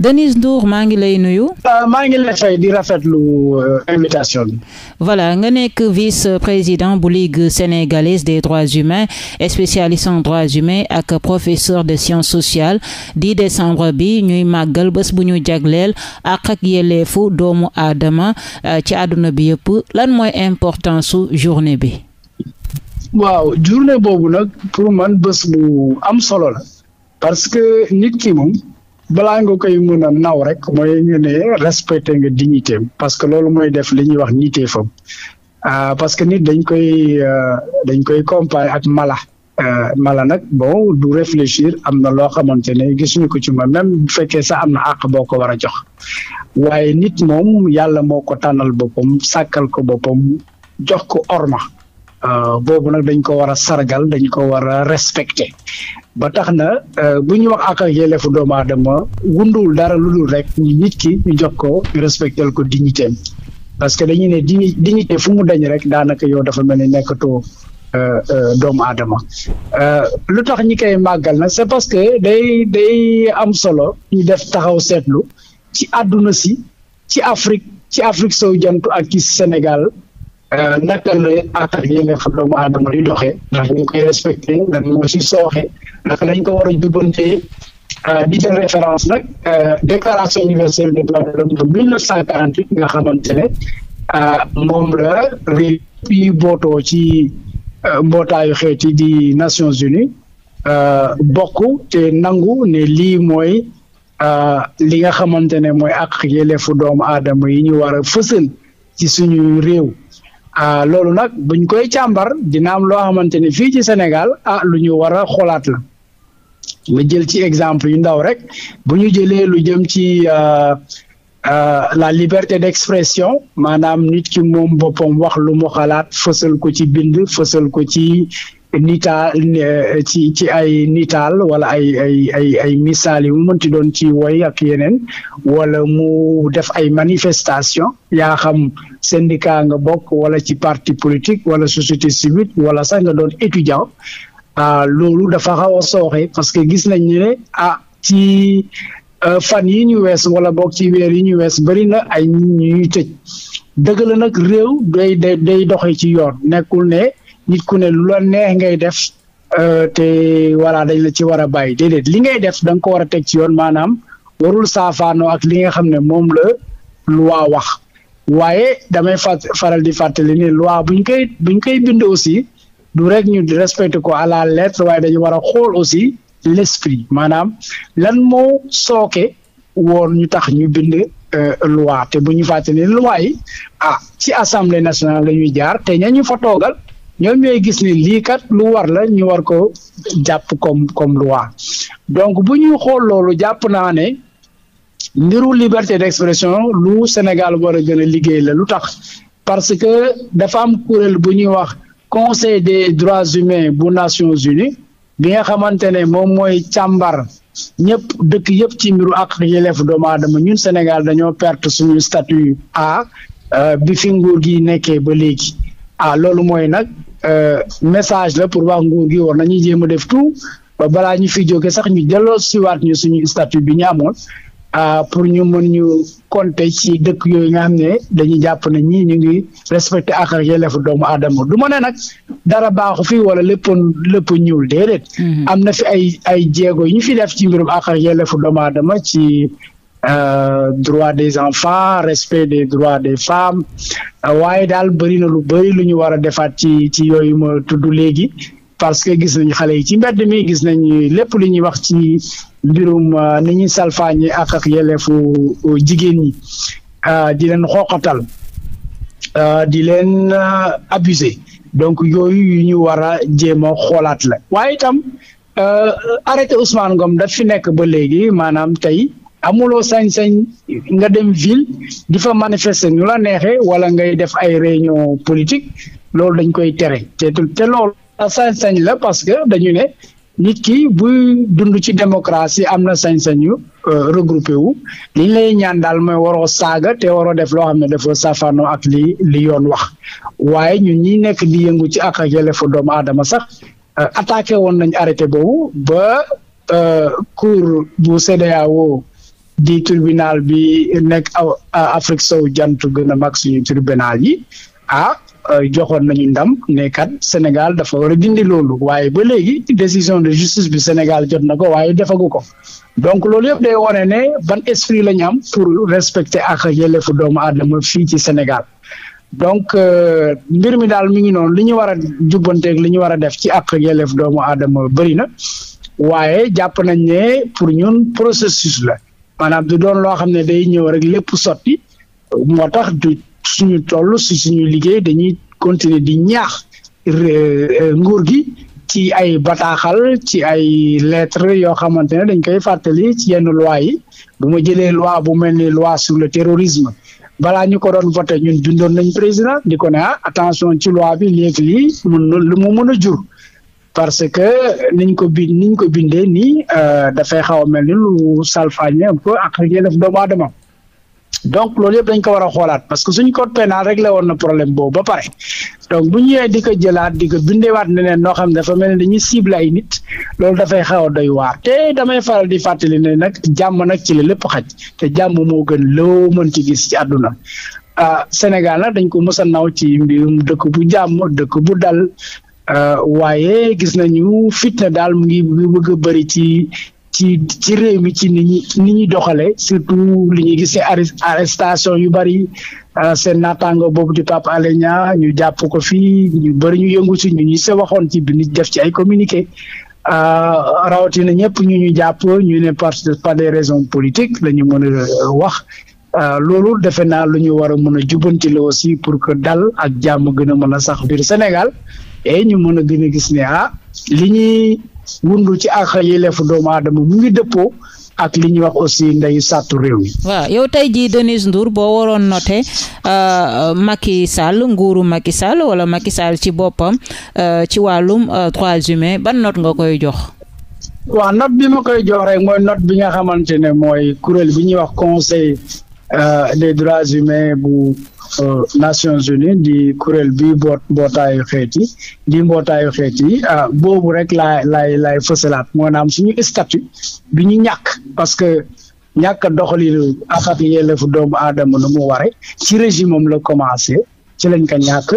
Denis Ndour maa ngi lay nuyu. Ah, maa ngi lay fay di rafetlu euh, invitation bi. voilà nga nekk vice-président bu Ligue sénégalaise des droits humains et spécialiste en droits humains ak professeur de sciences sociale 10 décembre bi ñuy màggal bés bu ñu jagleel ak ak yelleefu doomu aadama euh, ci àdduna bi yëpp lan mooy importance su journée bi. waaw journée boobu nag pour man bés bu am solo la. parce que nit ki moom. balaa nga koy mën a naw rek mooy nga ne respecté nga dignité parce que loolu mooy def li ñuy wax nitee fam ah, parce que nit dañ koy euh, dañ koy comparer ak mala euh, mala nag bo du réfléchir am na loo xamante ne gisuñu ko ci ma même bu fekkee sax am na àq boo ko war a jox waaye nit moom yàlla moo ko tànnal boppam sàkkal ko boppam jox ko orma euh, boobu nag dañ ko war a sargal dañ ko war a respecté ba tax na euh, bu ñu wax ak ak doomu aadama wunduwul dara lu dul rek nit ki ñu jox ko respectel ko dignité am parce que dañuy ne di dignité fu mu dañ rek daanaka yow dafa mel ni nekkatoo euh, euh, doomu aadama lu tax ñi koy màggal na c'est parce que day day am solo ñu def taxaw seetlu ci àdduna si ci Afrique ci Afrique sowu jant ak ci Sénégal Euh, naka la àq yi doomu aadama di doxee ndax ñu koy respecté lan moo si sooxe ndax dañ ko war a jubbantee euh, di def référence nag euh, déclaration universelle des droits de l'homme de mille neuf cent quarante nga xamante ne moom la réew ci mbootaayu xeet yi di Nations Unies bokk te nangu ne lii mooy li nga xamante ne mooy ak yelleefu doomu aadama yi ñu war a fësal ci suñu réew Ah, loolu nag buñ koy càmbar dina am loo xamante ne fii ci Sénégal ah lu ñu war a xoolaat la ma jël ci exemple yu ndaw rek bu ñu jëlee lu jëm ci ah, ah, la liberté d'expression maanaam nit ki moom boppam wax lu mu xalaat fësal ko ci bind fësal ko ci. nita ci ci ay nitaal wala ay ay ay ay misaal yi mu doon ci woy ak yeneen wala mu def ay manifestation yaa xam syndicat nga bokk wala ci parti politique wala société civile wala sax nga doon étudiant a ah, loolu dafa xaw a sooxe parce que gis nañ ne ah ci euh, fan yi ñu wees wala bokk ci weer yi ñu wees bëri na ay ñuy tëj dëgg la nag réew day day doxee ci yoon nekkul ne nit ku ne lu la neex ngay def euh, te voilà dañ la ci war a bàyyi déedéet li ngay def da nga ko war a teg ci yoon maanaam warul saafaanoo ak li nga xam ne moom la loi wax waaye damay faral di fàttali ne loi buñ koy buñ koy bind aussi du rek ñu respecté ko à la lettre waaye dañu war a xool aussi l'esprit maanaam lan moo sooke woon ñu tax ñu bind euh, loi te bu ñu fàttali loi yi ah ci assemblée nationale la jaar te ña fa toogal ñoom ñooy gis ni lii kat lu war la ñu war ko jàpp comme comme loi donc bu ñuy xool loolu jàpp naa ne mbiru liberté d'expression lu Sénégal war a gën a liggéey la lu tax parce que dafa am kuréel bu ñuy wax conseil des droits humains bu Nations Unies bi nga xamante ne moom mooy càmbar ñëpp dëkk yëpp ci mbiru ak yelleef doomu aadama ñun Sénégal dañoo perte suñu statut A euh, bi fi nguur gi nekkee ba léegi a loolu mooy nag Euh, message la pour wax nguur gi war nañuy jéem a def tout ba balaa ñu fi jóge sax ñu delloo siwaat ñu suñu statut bi ñu amoon euh, pour ñu mën ñu compter ci dëkk yooyu nga ne dañuy jàpp na ñii ñu ngi respecté ak ak yelleefu doomu aadama du ma ne nag dara baaxu fi wala lépp lépp ñuul déedéet. Mm-hmm. am na fi ay ay jéego yu ñu fi def ci mbirum ak ak yelleefu doomu aadama ci. euh, droit des enfants respect des droits des femmes euh, waaye daal bëri na lu bëri lu ñu war a defaat ci ci yooyu ma tudd léegi parce que gis nañu xale yi ci mbedd mi gis nañu lépp lu ñuy wax ci mbirum euh, ni ñuy salfaañi ak ak yelleefu euh, jigéen ñi di leen xooqatal di leen abuser donc yooyu yu ñu war a jéem xoolaat la waaye itam arrêté Ousmane Ngom daf fi nekk ba léegi maanaam tey amuloo sañ-sañ nga dem ville di fa manifester ñu la neexee wala ngay def ay réunion politique loolu dañ koy tere te te loolu sañ-sañ la parce que dañu ne nit ki buy dund ci démocratie am na sañ-sañu euh, regroupé wu li ñu lay ñaan daal mooy waroo saaga te waroo def loo xam ne dafa safaanoo ak li li yoon wax waaye ñun ñi nekk di yëngu ci ak ak yelleefu doomu aadama sax euh, attaqué woon nañ arrêté boobu ba euh, cour bu CEDEAO di tribunal bi nekk Afrique sow jant gën a mag suñu tribunal yi ah joxoon nañu ndam ne Sénégal dafa war a dindi loolu waaye ba léegi décision de justice bi Sénégal jot na ko waaye defagu ko donc loolu yëpp day wone ne ban esprit la ñu am pour respecter ak yelleefu doomu aadama fii ci Sénégal donc euh, mbir mi daal mi ngi noonu li ñu war a jubbanteeg li ñu war a def ci ak yelleefu doomu aadama bëri na waaye jàpp nañ ne pour ñun processus la. maanaam du doon loo xam ne day ñëw rek lépp sotti moo tax du suñu toll si suñu liggéey dañuy continuer di ñaax euh, euh, nguur gi ci ay bataaxal ci ay lettres yoo xamante ne dañ koy fàttali ci yenn loi yi bu ma jëlee loi bu mel ni loi sur le terrorisme balaa ñu ko doon voté ñun dundoon nañ président di ko ne ah attention ci loi bi léegi lii mun a jur parce que niñ ko bi niñ ko bindee nii euh, dafay xaw a mel ni lu salfaañe un peu ak yelleef doomu aadama donc loolu yëpp dañ ko war a xoolaat parce que suñ code pénal réglé woon na problème boobu ba pare donc bu ñëwee di ko jëlaat di ko bindewaat neneen noo xam ne dafa mel ni dañu cible ay nit loolu dafay xaw a doy waar te damay faral di fàttali ne nag jàmm nag ci la lépp xaj te jàmm moo gën loo mën ci gis ci àdduna ah, Sénégal nag dañ ko mës a naw ci mbirum dëkk bu jàmm dëkk bu dal Euh, waaye gis nañu fitna daal mu ngi bëgg a bëri ci ci ci réew mi ci ni ñi ni ñuy doxale surtout li ñuy gis arrestation yu bëri euh, seen naataango boobu di Pape Alé ñu jàpp ko fii ñu bëri ñu yëngu si ñu ñu se waxoon ci bi ñu def ci ay communiqué euh, rawatina ñëpp ñu ñu jàpp ñu ne parce que pas des raisons politiques la mën a wax loolu defe naa lu ñu war a mën a jubanti la aussi pour que dal ak jàmm gën a mën a sax biir Sénégal et eh, ñu mën a gën gis ne ah li ñuy wundu ci ak yelleefu doomu aadama mu ngi dëppoo ak li ñuy wax aussi ndeyu sàttu réew mi. waaw yow tey jii Denis Ndour boo waroon noté euh, Macky Sall nguuru Macky Sall wala Macky Sall ci boppam euh, ci wàllum trois euh, droits ban note nga koy jox. waaw note bi ma koy jox rek mooy note bi nga xamante ne mooy kuréel bi ñuy wax conseil Euh, les droits humains bu euh, Nations Unies di kuréel bi boot mbootaayu xeet yi di mbootaayu xeet yi ah, boobu rek laa laay laay fësalaat maanaam suñu statut bi ñu ñàkk parce que ñàkk doxalinu ak ak yelleefu doomu aadama nu ware ci régime am la commencé ci lañ ko ñàkk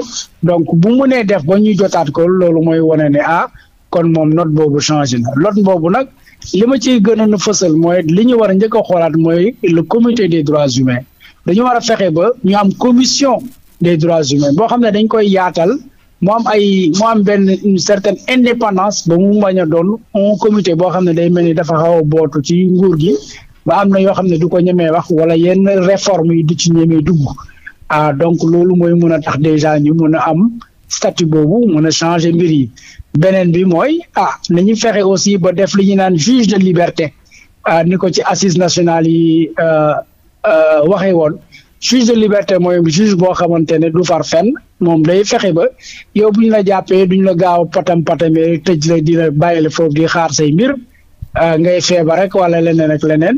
donc bu mënee def ba ñuy jotaat ko loolu mooy wane ne ah kon moom note boobu changé na lot boobu nag. li ma ciy gënoon a fësal mooy li ñu war a njëkk xoolaat mooy le comité des droits humains dañu war a fexe ba ñu am commission des droits humains boo xam ne dañ koy yaatal mu am ay mu am benn une certaine indépendance ba mu bañ a doon un comité boo xam ne day mel ni dafa xaw bootu ci nguur gi ba am na yoo xam ne du ko ñemee wax wala yenn réforme yi du ci ñemee dugg ah donc loolu mooy mën a tax déjà ñu mën a am statut boobu mën a changer mbir yi beneen bi mooy ah nañu fexe aussi ba def li ñu naan juge de liberté ah ni ko ci assises nationales yi euh, euh, waxee woon juge de liberté mooy juge boo xamante ne du far fenn moom day fexe ba yow bu ñu la jàppee duñ la gaaw patam patamee tëj la dina bàyyi la foofu di xaar say mbir ah, ngay feebar rek wala leneen rek leneen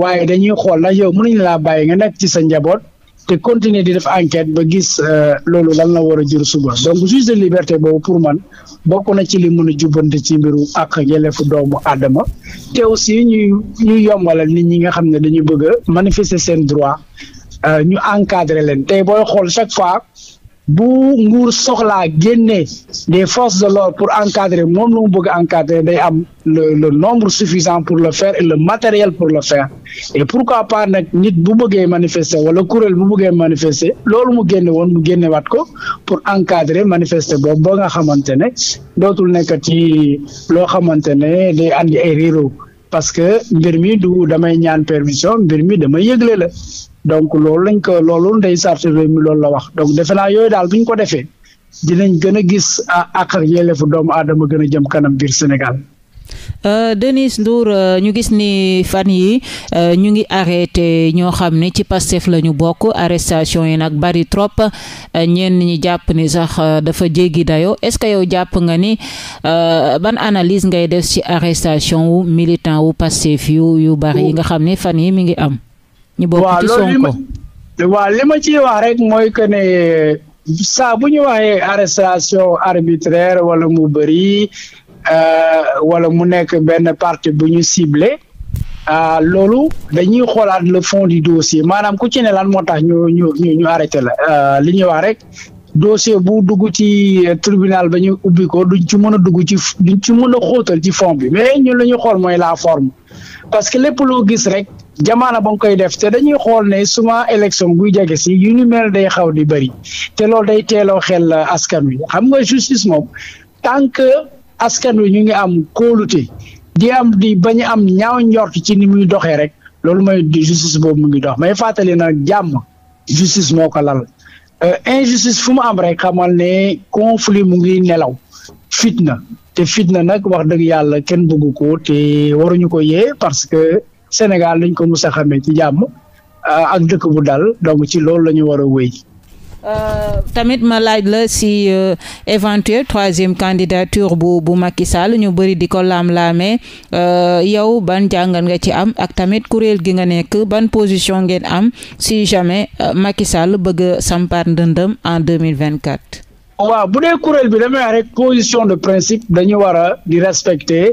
waaye dañuy xool nag yow ñu laa bàyyi nga nekk ci sa njaboot. te continuer di def enquête ba gis euh, loolu lan la war a jur suba donc juge de liberté boobu pour man bokk na ci li mun a jubbante ci mbiru ak yelleefu doomu aadama te aussi ñuy ñuy yombalal nit ñi nga xam ne dañu bëgg a manifester seen droit euh, ñu encadrer leen tey booy xool chaque fois. bu nguur soxlaa génnee des forces de l'ordre pour encadrer moom la mu bëgg encadrer day am le le nombre suffisant pour le faire le matériel pour le faire et pourquoi pas nag nit bu bëggee manifester wala kuréel bu bëggee manifester loolu mu génne woon mu génne waat ko pour encadrer manifester boobu ba nga xamante ne dootul nekk ci loo xamante ne day andi ay réeróo parce que mbir du damay ñaan permission mbir mi dama la donc loolu lañ ko loolu ndey charte mi loolu la wax donc defe naa yooyu daal bu ñu ko defee dinañ gën a gis àq ah, ak yelleefu doomu aadama gën a jëm kanam biir Sénégal. Euh, Denis Ndour euh, ñu gis ni fan yi euh, ñu ngi arrêté ñoo xam ne ci Pastef la ñu bokk arrestation yi nag bari trop euh, ñenn ñi jàpp ni sax dafa jéggi dayoo est-ce que yow jàpp nga ni ban analyse ngay def ci arrestation wu militant wu Pastef yu yu bari yi nga xam ne fan yi mi ngi am. ñu bokk ci Sonko li ma ciy wax rek mooy que ne saa bu ñu waxee arrestation arbitraire wala mu bëri euh, wala mu nekk benn parti bu ñu ciblé euh, loolu dañuy xoolaat le fond du dossier maanaam ku ci ne lan moo tax ñu ñu ñu ñu arrêté la euh, li ñuy wax rek dossier bu dugg ci tribunal ba ñu ubbi ko duñ mën a dugg ci duñ ci mën a xóotal ci fond bi mais ñun la ñu xool mooy la forme parce que lépp loo gis rek. jamaana ba nga koy def te dañuy xool ne souvent élection buy jege si yu ni mel day xaw di bëri te loolu day teeloo xel askan wi xam nga justice moom tant que askan wi ñu ngi am kóolute di am di bañ am ñaaw njort ci ni muy doxee rek loolu mooy justice boobu mu ngi dox may fàttali nag jàmm justice moo ko lal euh, injustice fu mu am rek xamal ne conflit mu ngi nelaw fitna te fitna nag wax dëgg yàlla kenn bëggu ko te waruñu ko yee parce que Sénégal lañ ko mus a xamee ci jàmm ah, ak dëkk bu dal donc ci loolu la ñu war a wéy. Euh, tamit ma laaj la si euh, éventuelle troisième candidature bu bu Macky Sall ñu bëri di ko laam-laamee euh, yow ban jàngan nga ci am ak tamit kuréel gi nga nekk ban position ngeen am si jamais Macky Sall bëgg a sampaar ndëndëm en deux mille vingt quatre. bu dee kuréel bi damay wax position de principe dañu war di respecter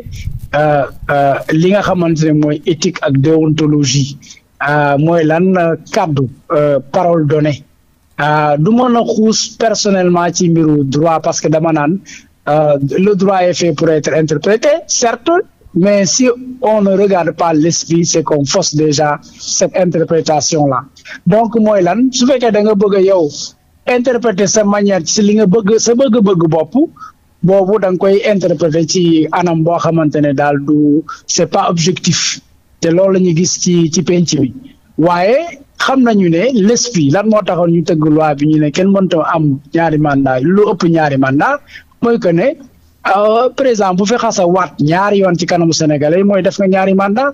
Euh, euh, li nga xamante ne mooy éthique ak déontologie euh, mooy lan kàddu parole donnée du mën na xuus personnellement ci mbiru droit parce que dama naan le droit est fait pour être interprété certes mais si on ne regarde pas l'esprit c'est qu'on fausse déjà cette interprétation la donc mooy lan su fekkee da nga bëgg yow interpréter sa manière ci li nga bëgg sa bëgg-bëgg bopp boobu da nga koy interpréter ci anam boo xamante ne daal du c'est pas objectif te loolu la ñu gis ci ci penc bi waaye xam nañu ne l'esprit lan moo taxoon ñu tëgg loi bi ñu ne kenn mënta am ñaari mandat lu ëpp ñaari mandat mooy que ne euh, président bu fi xasa waat ñaari yoon ci kanamu sénégalais mooy def nga ñaari mandat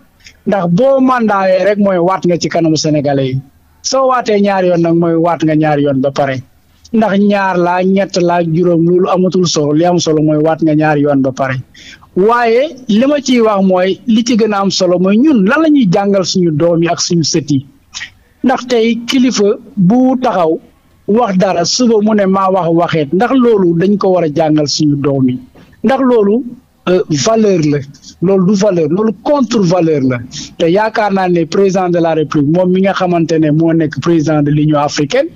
ndax boo mandat rek mooy waat nga ci kanamu sénégalais yi soo waatee ñaari yoon nag mooy waat nga ñaari yoon ba pare ndax ñaar laa ñett laa juróom loolu amatul soo li am solo mooy waat nga ñaari yoon ba pare waaye li ma ciy wax mooy li ci gën a am solo mooy ñun lan la ñuy jàngal suñu doom yi ak suñu sët yi ndax tey kilifa bu taxaw wax dara suba mu ne maa wax waxet ndax loolu dañ ko war a jàngal suñu doom yi ndax loolu euh, valeur la loolu du valeur loolu contre valeur la te yaakaar naa ne président de la république moom mi nga xamante ne moo nekk président de l'union africaine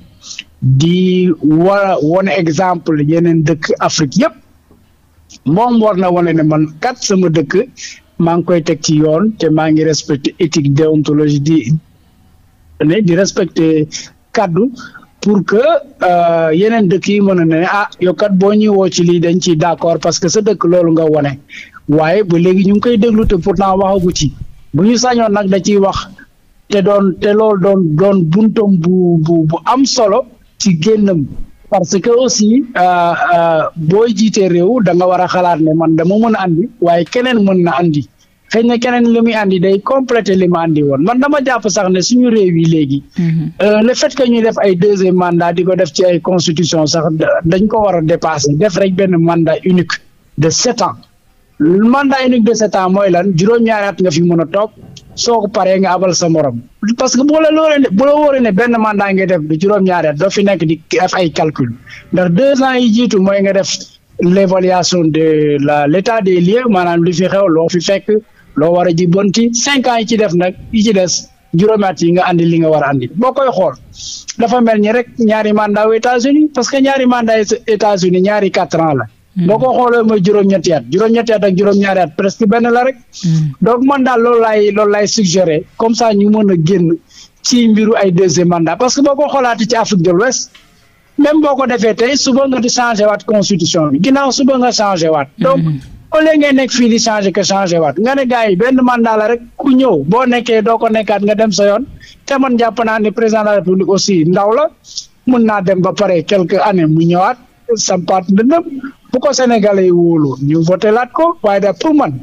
di war wane exemple yeneen dëkk Afrique yëpp moom war na wane ne man kat sama dëkk maa ngi koy teg ci yoon te maa ngi respecté éthique déontologie di ne di respecté kaddu pour que euh, yeneen dëkk yi mën a ne ah yow boo ñuy ci lii dañ ciy d'accord parce que sa dëkk loolu nga wane waaye ba léegi ñu ngi koy déglu te pourtant waxagu ci bu ñu sañoon nag da ciy wax te doon te loolu doon doon buntam bu bu bu am solo. ci génnam parce que aussi euh, euh, booy jiitee réew da nga war a xalaat ne man dama mën a andi waaye keneen mën na andi xëy na keneen li muy andi day complété li ma andi woon man dama jàpp sax ne suñu réew yi léegi. Mhm. Euh, le fait que ñuy def ay deuxième manda di ko def ci ay constitution sax dañ ko war a dépasser def rek benn manda unique de sept ans mandat unique de sept ans mooy lan juróom-ñaari at nga fi mën a toog. soo paree nga abal sa morom parce que bu la loolee ne la wóoree ne benn mandat ngay def du juróom-ñaari at doo fi nekk di def ay calcul ndax deux ans yi jiitu mooy nga def l'évaluation de la l'état des lieux maanaam li fi xew loo fi fekk loo war a ji bonti cinq ans yi ci def nag yi ci des juróomi at yi nga andi li nga war a andi boo koy xool dafa mel ni rek ñaari mandat wu États-Unis parce que ñaari mandat États-Unis ñaari quatre ans la Hmm. boo ko xoolee mooy juróom-ñetti at juróom-ñetti at ak juróom presque benn la rek. Hmm. donc man daal loolu laay loolu laay suggéré comme ça ñu mën a génn ci mbiru ay deuxième manda parce que boo ko xoolaatee ci Afrique de l'Ouest même boo ko defee tey suba nga di changé waat constitution bi ginnaaw suba nga changé waat. Hmm. donc au lieu ngay nekk fii di changé que changé waat nga ne gars yi benn mandat la rek ku ñëw boo nekkee doo ko nekkaat nga dem sa yoon te man jàpp naa ne président de la aussi ndaw la mun naa dem ba pare quelques années mu ñëwaat sampaat ndëndëm bu ko sénégalais yi wóoloo ñu voté laat ko waaye daal pour man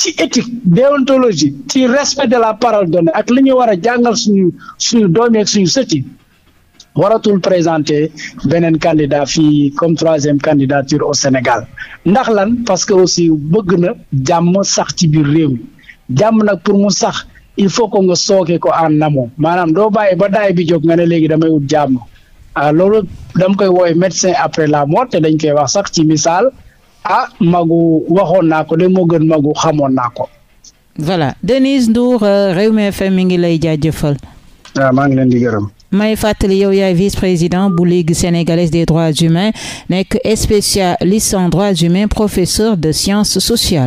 ci éthique déontologie ci respect de la parole donnée ak li ñu war a jàngal suñu suñu doomi ak suñu sëti waratul présenter beneen candidat fii comme troisième candidature au Sénégal ndax lan parce que aussi bëgg na jàmm sax ci biir réew mi jàmm nag pour mu sax il faut ko nga sooke ko en amont maanaam doo bàyyi ba daay bi jog nga ne léegi damay wut jàmm ah loolu dam koy woowee médecin après la mort te dañ koy wax sax ci misaal ah magu waxoon naa ko de moo gën magu xamoon naa ko. voilà Denis Ndour euh, Rewmi FM mi ngi lay jaajëfal. waaw ah, maa ngi leen di gërëm. may fàttali yow yaay vice-président bu Ligue sénégalaise des droits humains nekk spécialiste en droits humains professeur de sciences sociales.